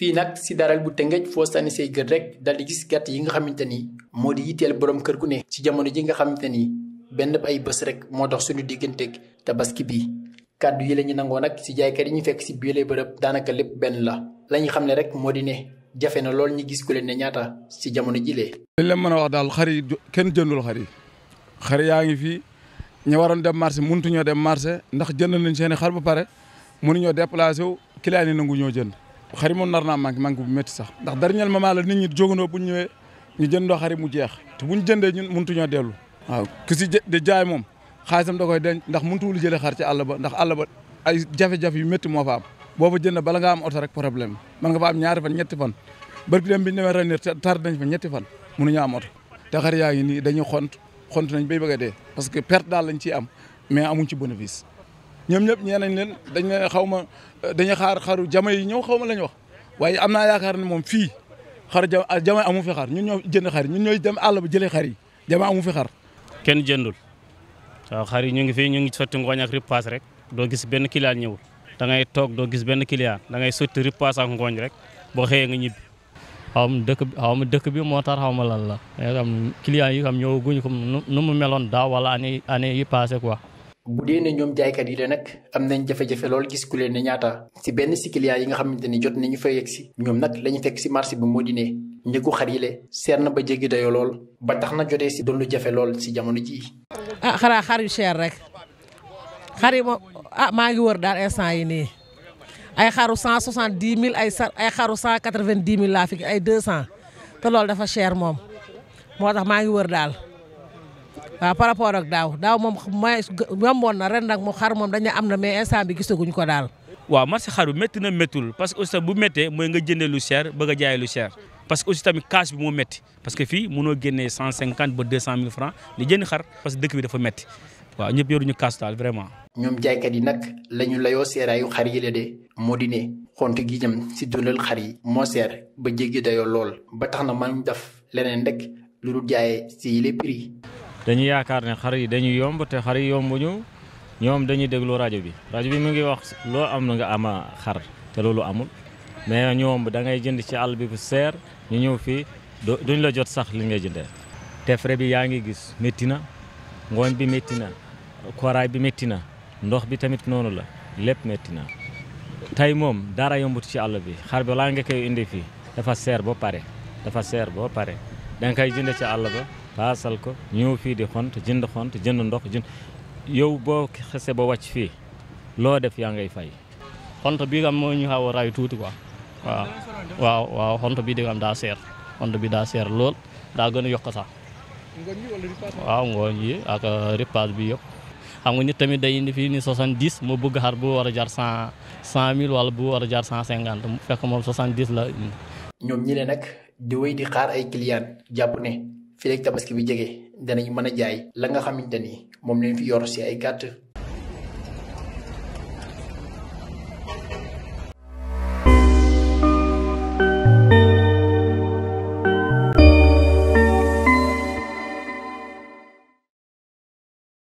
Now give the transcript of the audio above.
fii nag si daral bu tëngëj foo sànni say gër rek dal di gis gàtt yi nga xamante ni moo di yitteel borom kër gu ne ci jamono ji nga xamante ni benn ay bés rek moo dox suñu digganteeg tabaski bii kàddu yi lañu nangoo nag si jaaykat yi ñu fekk si biile bërëb daanaka lépp benn la la ñu xam ne rek moo di ne jafe na lool ñu gis ku leen ne ñaata si jamono jilee li la mën a wax daal xar yi kenn jëndul xar yi xar yaa ngi fii ñu waroon dem marché mënutu ñoo dem marché ndax jënd nañ seen xar ba pare mënuñoo déplacé wu client yi nangu ñoo jënd xari moom nar naa manqué manqué bu métti sax ndax dernier moment la nit ñi jógandoo bu ñu ñëwee ñu jëndoo xari mu jeex te bu ñu jëndee ñun mëntuñoo dellu. waaw ku si di jaay moom xaalisam da koy denc ndax mëntuwul jëlee xar ci àll ba ndax àll ba ay jafe-jafe yu métti moo fa boo fa jënd bala nga am oto rek problème man nga am ñaari fan ñetti fan barki dem bi ñu demee ren tar nañ fa ñetti fan mënuñu am oto te xar yaa ngi nii dañuy xont xont nañ bay bëgg a dee parce que perte daal lañ ciy am mais amuñ ci bénéfice ñoom ñëpp ñee nañ leen dañ xaw ma dañuy xaar xaru jama yi ñëw xaw ma lañ wax waaye am naa yaakaar ni moom fii xar ah, jama amu fi xar ñun ñoo jënd xar ñun ñooy dem àll ba jëlee xar yi jama amu fi xar kenn jëndul waaw xar yi ñu ngi fii ñu ngi sotti ngooñ ak paas rek doo gis benn client ñëwul da toog doo gis benn client da ngay sotti ripaas ak ngooñ rek boo xëyee nga ñibbi xaw ma dëkk bi xaw ma dëkk bi moo tax xaw ma lan la xam client yi xam ñëw guñ comme nu mu meloon daaw wala année année yi passé quoi bu dee ne ñoom jaaykat yi la nag am nañ jafe-jafe lool gis ku leen ne ñaata si benn si client yi nga xamante ni jot nañu fa yegg si ñoom nag lañu fekk si marché bi moo di ne njëgu xar yi le seer na ba jéggi dayo lool ba tax na jotee si doon lu jafe lool si jamono jii ah xaraa xar yu cher rek xar yi moom ah maa ngi wër daal instant yi nii ay xaru 170 mille ay sa ay xaru 190 mille laa fi ay 200 te loolu dafa cher moom moo tax maa ngi wër daal waaw par rapport ak daaw daaw moom mooy yomboon na ren nag mu xar moom dañu am na mais instant bi gisaguñ ko daal. waaw marché xar bi métti na méttul parce que aussi bu méttee mooy a jaay lu cher parce que aussi tamit cash bi moo métti parce que fii mënoo génnee cent cinquante ba deux cent mille francs li jënd xar parce que dëkk bi dafa métti waaw ñëpp yoruñu cash daal vraiment. ñoom jaaykat yi nag la ñu layoo seeraayu xar yi la de moo di xont gi jëm si dundal xar yi moo seer ba jéggi dayoo lool ba tax na man def leneen rek lu dul jaayee si les dañu yaakaar ne xar yi dañuy yomb te xar yi yombuñu ñoom dañuy déglu rajo bi rajo bi mu ngi wax loo am na nga ama xar te loolu amul mais ñoom da ngay jënd ci àll bi bu seer ñu ñëw fii duñ la jot sax li ngay jëndee te frais bi yaa ngi gis métti na ngooñ bi métti na koraay bi métti na ndox bi tamit noonu la lépp métti na tey moom dara yombut ci àll bi xar bi laa nga koy indi fii dafa seer ba pare dafa seer ba pare danga koy jënd ci àll ba paasal ko ñew fi di xont jënd xont jënd ndox jënd yow bo xese ba wacc fi lo def ya ngay fay xont bi gam mo ñu xaw a ray tuuti quoi waaw waaw waaw xont bi di gam da ser xont bi da ser lol da gëna yok sax waaw ngooñ yi ak euh, ripaas bi yëpp xam nga nit tamit day indi fi ni 70 mo bëgg har bu wara a jar 100 100000 wala bu wara a jar 150 fekk mom 70 la ñom ñi ne nak di way di xaar ay client japp ne fii rek tabaski bi jege danañ mën a jaay la nga xamante ni moom lañ fi si ay gàtt